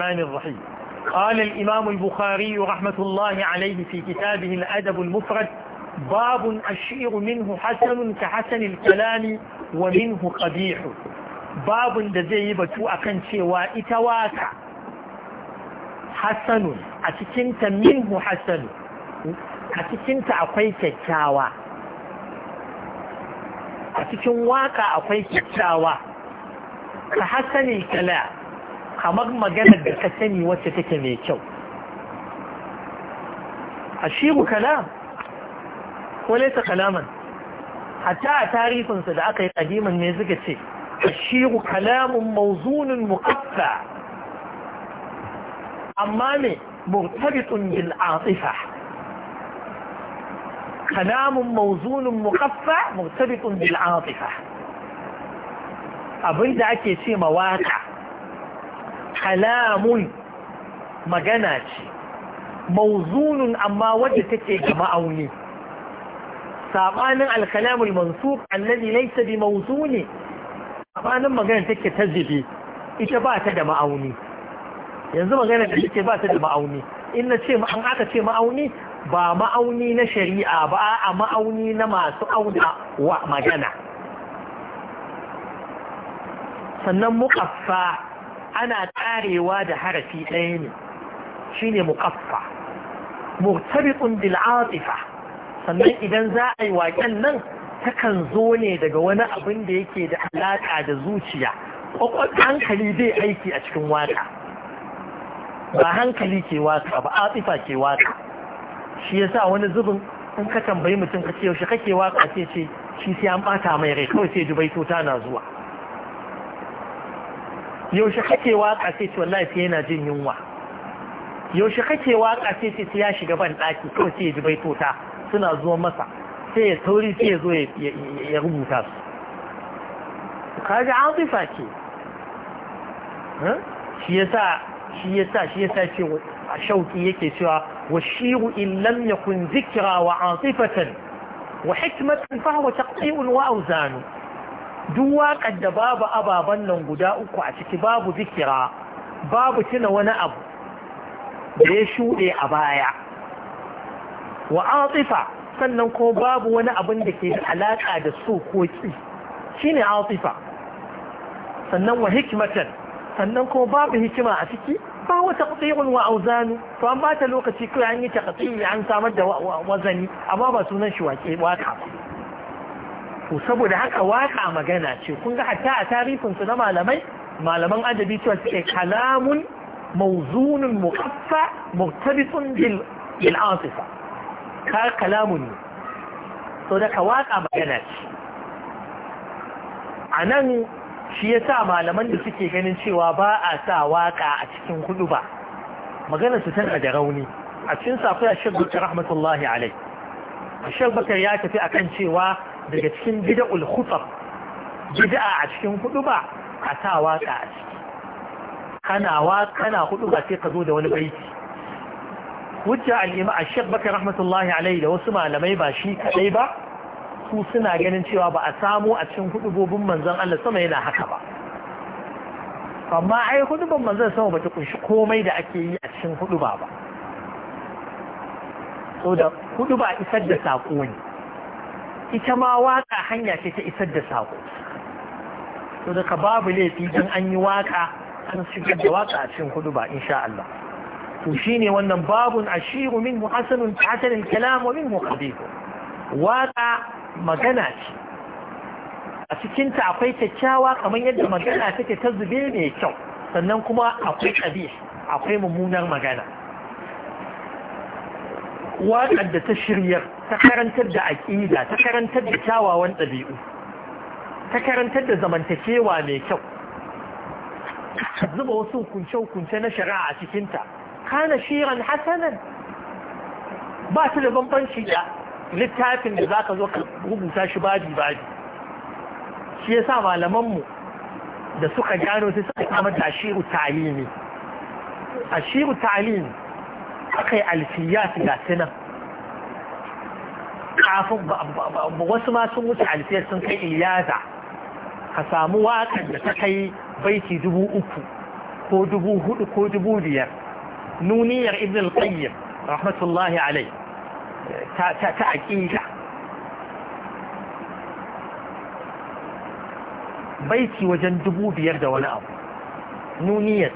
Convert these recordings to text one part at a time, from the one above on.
الرحمن الرحيم قال الإمام البخاري رحمة الله عليه في كتابه الأدب المفرد باب الشئر منه حسن كحسن الكلام ومنه قبيح باب دزيبة أكن شواء تواكع حسن أتكنت منه حسن أتكنت أقيت الشاوى أتكن واكع أقيت الشاوى كحسن الكلام kamar maganar da ka sani wacce take mai kyau A shigu kalam ko laisa kalaman hatta a tarifinsa da aka yi ƙadiman ne suka ce a shigu kalamun mauzunin muƙaffa amma ne murtabitun bil asifa kalamun mauzunin muƙaffa murtabitun bil asifa Abinda da ake ce mawaƙa. kalamun magana ce mauzunun amma wadda take da ma'auni sabanin alkalamul mansub allazi laysa bi mawzuni sabanin magana take ta zibi ita ba ta da ma'auni yanzu magana da take ba ta da ma'auni in na ce an aka ce ma'auni ba ma'auni na shari'a ba a ma'auni na masu auna wa magana sannan muƙaffa ana tarewa da harafi ɗaya ne shi muqaffa murtabitun bil sannan idan za a yi waken nan takan zo ne daga wani abin da yake da alaƙa da zuciya kwakwat hankali zai aiki a cikin waƙa ba hankali ke waka ba atifa ke waka shi ya sa wani zubin in ka tambayi mutum ka ce yaushe kake waka ce ce shi sai an ɓata mai rai kawai sai dubai ta na zuwa yaushe kake waka sai ce wallahi sai yana jin yunwa yaushe kake waka sai ce ya shiga ban daki ko sai ya ji baitota suna zuwa masa sai ya tauri sai ya zo ya ya rubuta su kaje kaga azifa ce shi yasa shi yasa shi yasa ce a shauki yake cewa wa shiru in lam yakun zikra wa atifatan wa hikmatan fa huwa taqdi'un wa awzanu duk waƙar da babu ababen nan guda uku a ciki babu zikira babu tuna wani abu da ya shuɗe a baya wa tsifa sannan ko babu wani abin da ke da alaƙa da so ko ƙi shine tsifa sannan wa hikimatar sannan ko babu hikima a ciki ba wa ƙasirin wa auzanu to an ba ta lokaci kai an yi taqtiri an samar da wazani amma ba sunan shi wake waka ba to saboda haka waka magana ce kun ga hatta a tarifinsu na malamai malaman adabi cewa suke kalamun mauzunin muqaffa murtabisun bil bil ka kalamun ne to da ka waka magana ce A nan shi ya sa malaman da suke ganin cewa ba a sa waka a cikin hudu ba maganar su tana da rauni a cikin safiya shirka rahmatullahi alai Bakar ya tafi akan cewa daga cikin bida'ul ulkutar bid'a a cikin hudu ba a sa waka a ciki kana waka na hudu ba sai ka zo da wani baiti hujja al'ima a shek baka bakar rahmatullahi alai da wasu malamai ba shi kadai ba su suna ganin cewa ba a samu a cikin hudu gobin manzon Allah sama yana haka ba amma ai ban manzon sama bata kunshi komai da ake yi a cikin hudu ba so da ba isar da sako ne ita ma waka hanya ce ta isar da sako to daga babu laifi don an yi waka an shigar da waka a cikin hudu ba insha Allah to shine wannan babun ashiru min muhasanun hasanul kalam wa min khabith waka magana ce a cikin ta akwai kyakkyawa kamar yadda magana take ta zube mai kyau sannan kuma akwai qabih akwai mummunar magana waƙar da ta shiryar ta karantar da aƙida ta karantar da kyawawan ɗabi'u ta karantar da zamantakewa mai kyau zuba wasu hukunce-hukunce na shari'a a cikinta kana shiran hasanan ba su da bambanci da littafin da za ka zo ka rubuta shi babi-babi shi ya sa malamanmu da suka gano sai suka kama da ashiru ta'alimi ashiru ta'alimi aka yi alfiya su kafin wasu masu wuce alfiyar sun kai iyaza ka samu waƙar da ta kai baiti dubu uku ko dubu hudu ko dubu biyar nuniyar ibn al-qayyim rahmatullahi alai ta aƙida baiti wajen dubu biyar da wani abu nuniyar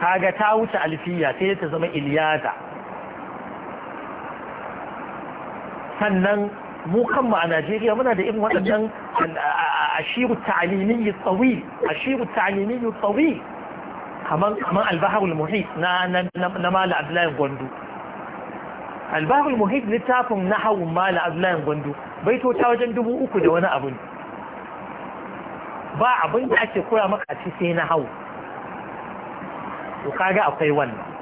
kaga ta wuce alfiya sai ta zama iliyada sannan mu kanmu a Najeriya muna da irin waɗannan ashiru ta'alimiyyu tsawi ashiru ta'alimiyyu tsawi kaman kaman al muhit na na na mala Abdullahi Gondo albaharul bahrul muhit littafin nahawun mala Abdullahi Gondo bai ta wajen dubu uku da wani abu ba abin da ake kura maka a sai nahawu to kaga akwai wannan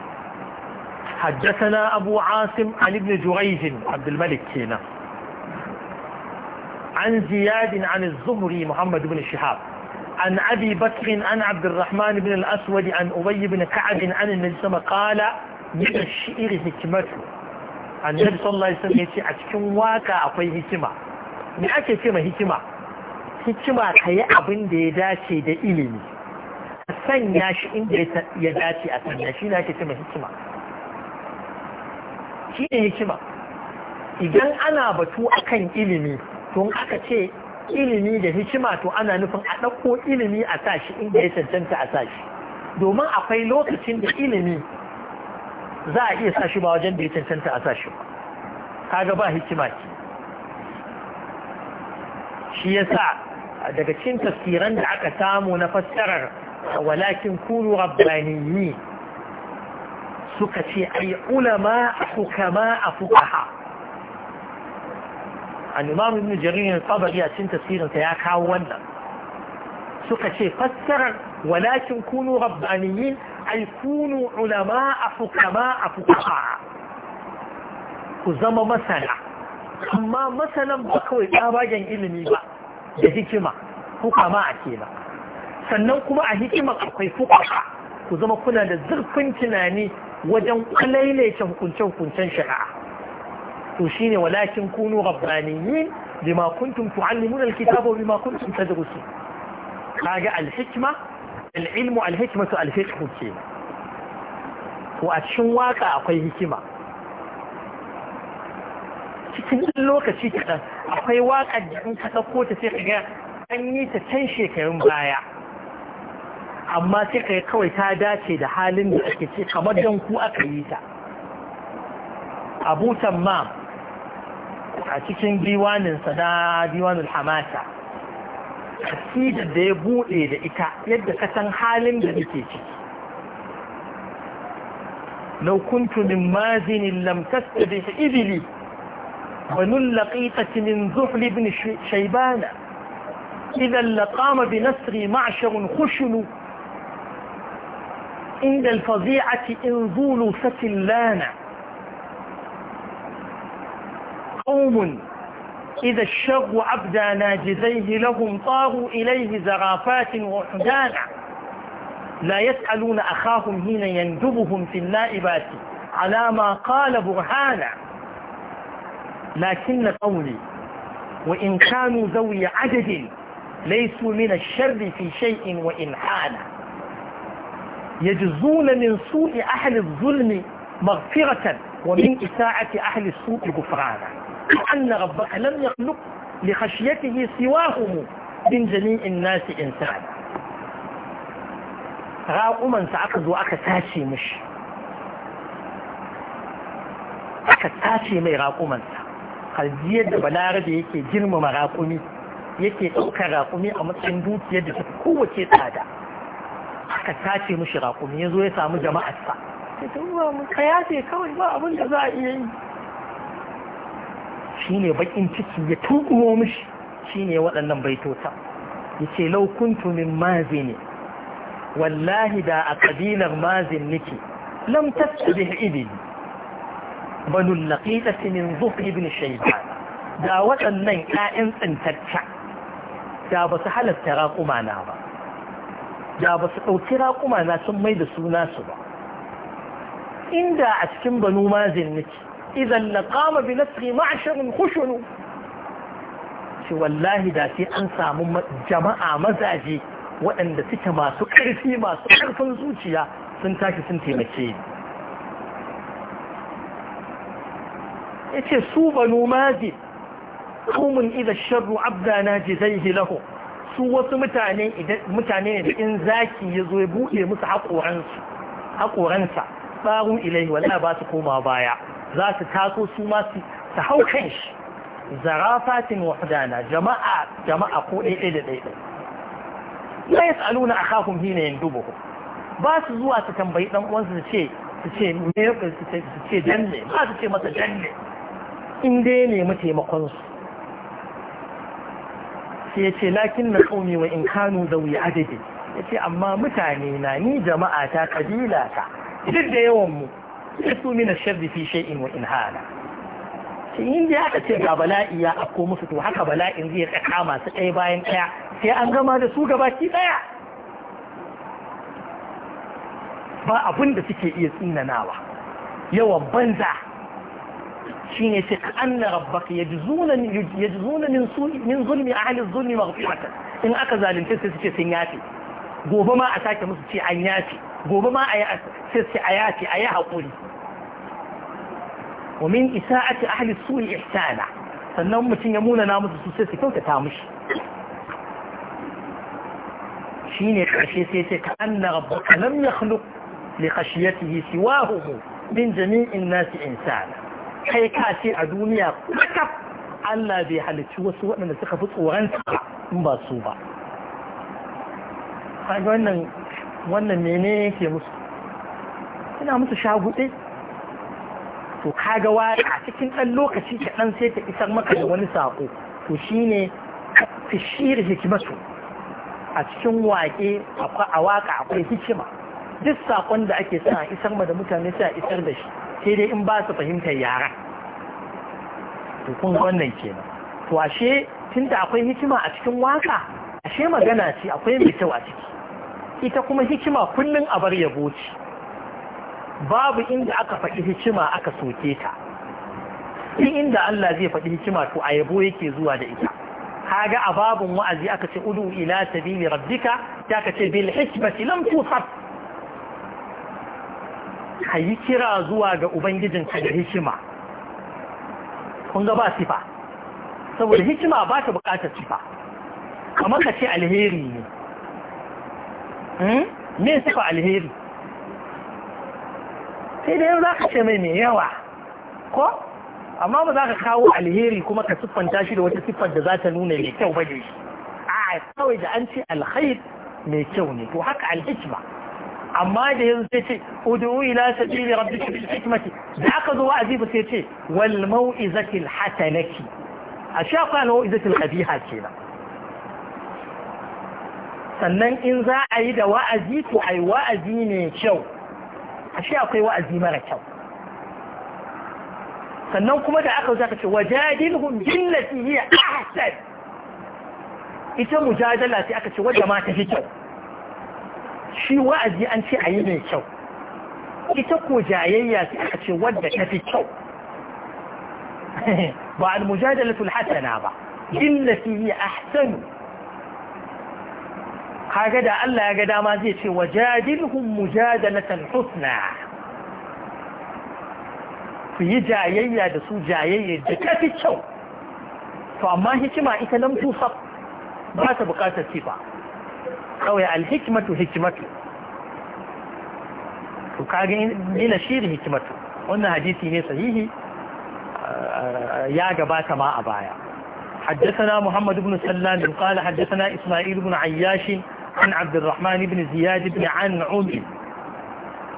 حدثنا أبو عاصم عن ابن جريج عبد الملك هنا عن زياد عن الزهري محمد بن شهاب عن أبي بكر عن عبد الرحمن بن الأسود عن أبي بن كعب عن النبي صلى قال من الشعر حكمته النبي صلى الله عليه وسلم يتي أتكن واقع أقوي حكمة من أكي كما حكمة حكمة كي أبن دي داتي دي إلمي sanya shi inda ya dace a sanya shi na ke cima hikima shi ne hikima idan ana batu akan ilimi tun aka ce ilimi da hikima to ana nufin a ɗauko ilimi a sashi inda ya cancanta a sashi domin akwai lokacin da ilimi za a iya sashi ba wajen da ya cancanta a sashi ba kaga ba hikima ce shi ya sa daga cikin tafsiran da aka samu na fassarar walakin kuru rabbaniyi suka ce ulama hukama a fukaha al-imam ibn jarir al a cikin tasirinsa ya kawo wannan suka ce fassarar walakin kunu rabbaniyin ai kunu ulama a hukama a fukaha ku zama masana amma masanan ba kawai tsabagen ilimi ba da hikima hukama a kenan sannan kuma a hikimar akwai fukaha ku zama kuna da zurfin tunani wajen kwalailace hukunce-hukuncen shari'a to shine walakin kunu rabbaniyin muna kuntum tu'allimuna alkitaba wa bima kuntum tadrusun kaga alhikma alilmu to alfiqhu ke to a cikin waka akwai hikima cikin lokaci kaɗan akwai waka da in ka ta sai ka gaya. an yi ta can shekarun baya amma sai ka kawai ta dace da halin da ake ce kamar don ku aka yi ta abutan ma a cikin diwaninsa na diwanin hamata a sidar da ya buɗe da ita yadda ka san halin da ake ciki laukuntunin mazinin lamtasta da ta idili wannan laƙaƙaƙinin zuhli bin shaibana idan laƙama binasri, nasiri ma'asharun kushinu عند الفظيعة ظلوا فتلانا قوم إذا الشر عبدا ناجزيه لهم طاروا إليه زرافات وحدانا لا يسألون أخاهم حين يندبهم في النائبات على ما قال برهانا لكن قولي وإن كانوا ذوي عدد ليسوا من الشر في شيء وإن حانا yajzuna min su'i ahli zulmi maghfiratan wa min ake ahli su'i ghufrana anna rabbaka lam yakhluq li khashyatihi siwahum min jami'in nasi insana raƙumansa aka zo aka tace mishi aka tace mai raƙumansa haljiyar da balarabe yake girmama raƙumi yake ɗaukar raƙumi a matsayin dukiyar da ta kowace tsada aka tace mishi raƙumi ya zo ya samu jama'arsa ka yace kawai ba abin da za a iya yi shi ne baƙin ciki ya tuƙuwo mishi shi ne waɗannan baitota ya ce laukuntumin mazini wallahi da a ƙabilar mazin nake lam tasbih ibili banu laqitati min zuhb ibn shayban da waɗannan 'ya'yan tsintaccen. da ba su halatta raƙuma na ba da ba su ɗauki raƙuma na sun mai da suna su ba inda a cikin banu mazin nake idan na kama bi ma'asharin kushinu, ce wallahi da sai an samu jama'a mazaje waɗanda suke masu ƙarfi masu ƙarfin zuciya sun tashi sun taimake ni ya ce su banu mazin قوم إذا abdana عبدنا zai له su wasu mutane idan mutane ne da in zaki ya zo ya buɗe musu haƙoransu haƙoransa tsaru ilai wala ba su koma baya za su taso su ma su hau kan shi zarafatin wahdana jama'a jama'a ko ɗaiɗai da ɗaiɗai la yas'aluna akhahum hina dubu. ba su zuwa su tambayi dan uwansu su ce su ce me su ce danne ba su ce masa danne in dai nemi taimakon su sai ya lakin na kauni wa in kanu zauyi adadi yace amma mutane na ni jama'a ta kabila ta duk da yawan mu sai su mina sharri fi shay'in wa in hala sai in da aka ce ga bala'i ya afko musu to haka bala'in zai tsaka masu ɗaya bayan ɗaya sai an gama da su gabaki ɗaya ba abin da suke iya tsinanawa yawan banza في نسك أ ربك يجزون من, من ظلم أ ه ل الظلم مغفرة إن ف ر ة إ ن أ ك ذ ا لن تسجد س ن ي ا ت ي قولي ومن إساءة أهل السوء إحسانا فالنوم س ا ن ا فانهم يمون نامز السوسيس كيف تتامش كان ربك لم يخلق لخشيته سواه من جميع الناس إنسانا kai ka ce a duniya kakaf Allah bai halicci wasu waɗanda suka fi tsoronsa in ba su ba wannan wannan mene yake musu ina musu shaguɗe to kaga wari a cikin ɗan lokaci kaɗan sai ta isar maka da wani saƙo to shine tashir hikimatu a cikin waƙe a waƙa akwai hikima duk saƙon da ake sa isar ma da mutane sai a isar da shi sai dai in ba su fahimtar yaran to kun wannan ke nan. to ashe tunda akwai hikima a cikin waka ashe magana ce akwai mai kyau a ciki ita kuma hikima kullum a bar yabo ce babu inda aka faɗi hikima aka soke ta in inda Allah zai faɗi hikima to a yabo yake zuwa da ita kaga a babun wa'azi aka ce udu ila sabili rabbika ta ka ce bil hikmati lam tusab ka yi kira zuwa ga ubangijinka da hikima kun ga ba sifa saboda hikima ba ta bukata sifa kamar ka ce alheri ne hmm? me sifa alheri sai da yau za ka ce mai mai yawa ko amma ba za ka kawo alheri kuma ka siffanta shi da wata siffar da za ta nuna mai kyau ba ne a kawai da an ce alhaif mai kyau ne to haka alhikima amma da yanzu sai ce ud'u ila sabili rabbika bil hikmati da aka zo wa'azi ba sai ce wal mau'izati al hasanati a sha kwa mau'izati al qabiha kenan sannan in za a yi da wa'azi to ai wa'azi ne kyau a sha akwai wa'azi mara kyau sannan kuma da aka aka ce wajadilhum billati hiya ahsan ita mujadala sai aka ce wadda ma ta fi kyau shi wa'azi an ce a yi mai kyau ita ko jayayya su aka ce wadda ta fi kyau ba al-mujadalatul hasana ba illati hi ahsanu kaga da Allah ya ga dama zai ce wajadilhum mujadalatan husna ku yi jayayya da su jayayya da ta fi kyau to amma hikima ita lam tusab ba ta bukatar sifa أ و ا ل ح ك م ة حكمته وكاغين من الشير حكمته قلنا حديثي هي صحيح آه، يا جبات ما ابايا حدثنا محمد بن سلام قال حدثنا إسماعيل بن عياش عن عبد الرحمن بن زياد بن عن عمي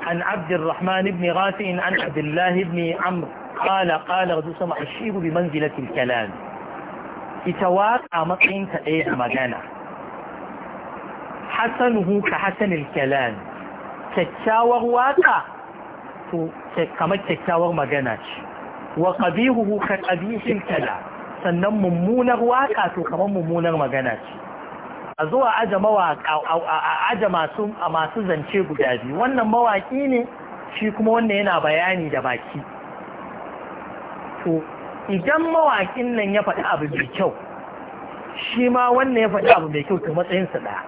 عن عبد الرحمن بن رافع عن عبد الله بن عمرو قال قال رضو سمع الشير ب م الكلام ا ت و ا ق ى تايه مجانا hasanuhu ka hasanil kalam kyakkyawar waka to kamar kyakkyawar magana ce wa qabihuhu ka qabihil kalam sannan mummunar waka to kamar mummunar magana ce a zuwa a aje mawaka a aje masu a masu zance guda biyu wannan mawaki ne shi kuma wannan yana bayani da baki to idan mawakin nan ya faɗi abu mai kyau shi ma wannan ya faɗi abu mai kyau to matsayinsa ɗaya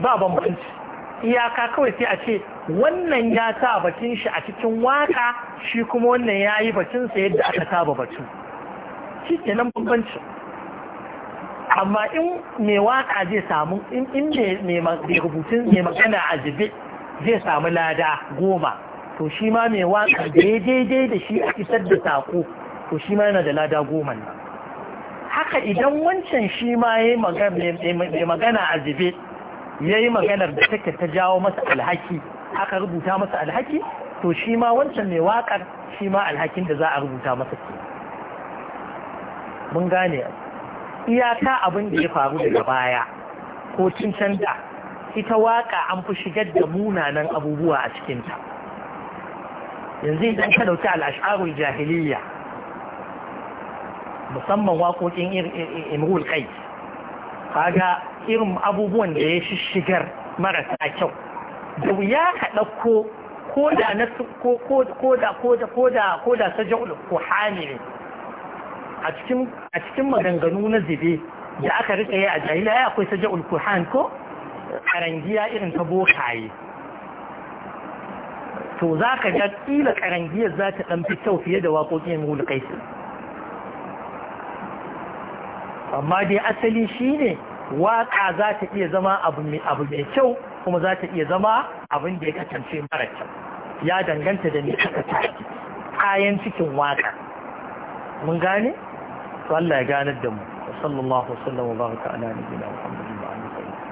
ba bambanci iyaka kawai sai a ce wannan ya sa bakin shi a cikin waka shi kuma wannan ya yi bakinsa yadda aka saba bakin shi nan bambanci amma in mai waka zai samu in mai rubutun mai magana a jibe zai samu lada goma to shi ma mai waka daidai da shi a isar da sako to shi ma yana da lada goma nan haka idan wancan shi ma ya yi magana a jibe ya yi maganar da take ta jawo masa alhaki aka rubuta masa alhaki to shi ma wancan mai wakar shi ma alhakin da za a rubuta masa ke mun gane iyaka abin da ya faru daga baya ko cincan da ita waka an fi shigar da munanan abubuwa a cikinta yanzu idan ka dauki al'asharul jahiliya musamman waƙoƙin imrul kai kaga irin abubuwan da ya shigar marasa kyau da wuya ka ɗauko ko da na ko ko da ko da ko da ko da ko ne a cikin maganganu na zibe da aka rika yi a jahila ya akwai saja'ul kuhan ko karangiya irin ta bokaye to za ka ga ƙila karangiyar za ta ɗan fi kyau fiye da waƙoƙin mulkaisi amma dai asali shi ne waƙa za ta iya zama abu mai kyau kuma za ta iya zama abin da ya kacance mara kyau ya danganta da ne aka tashi kayan cikin waƙa mun gane? Allah ya ganar da mu sallallahu alaihi wa sallam wa baraka ala nabiyina Muhammad